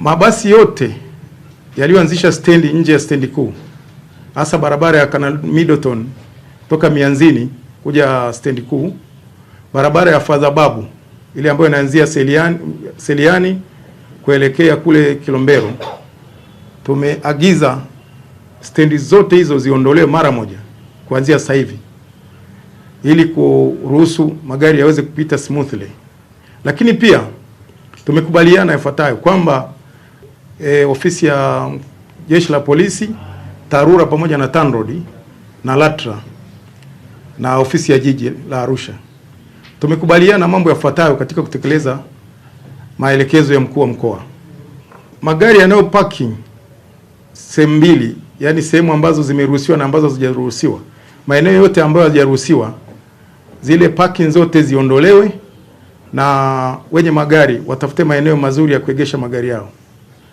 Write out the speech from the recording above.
Mabasi yote yaliyoanzisha stendi nje ya stendi kuu, hasa barabara ya Canal Middleton toka mianzini kuja stendi kuu, barabara ya Babu ile ambayo inaanzia Seliani, Seliani kuelekea kule Kilombero, tumeagiza stendi zote hizo ziondolewe mara moja kuanzia sasa hivi ili kuruhusu magari yaweze kupita smoothly. Lakini pia tumekubaliana ifuatayo kwamba e, ofisi ya jeshi la polisi, TARURA pamoja na TANROADS na LATRA na ofisi ya jiji la Arusha. Tumekubaliana mambo yafuatayo katika kutekeleza maelekezo ya mkuu wa mkoa. Magari yanayo parking sehemu mbili, yani sehemu ambazo zimeruhusiwa na ambazo hazijaruhusiwa, maeneo yote ambayo hazijaruhusiwa, zile parking zote ziondolewe na wenye magari watafute maeneo mazuri ya kuegesha magari yao.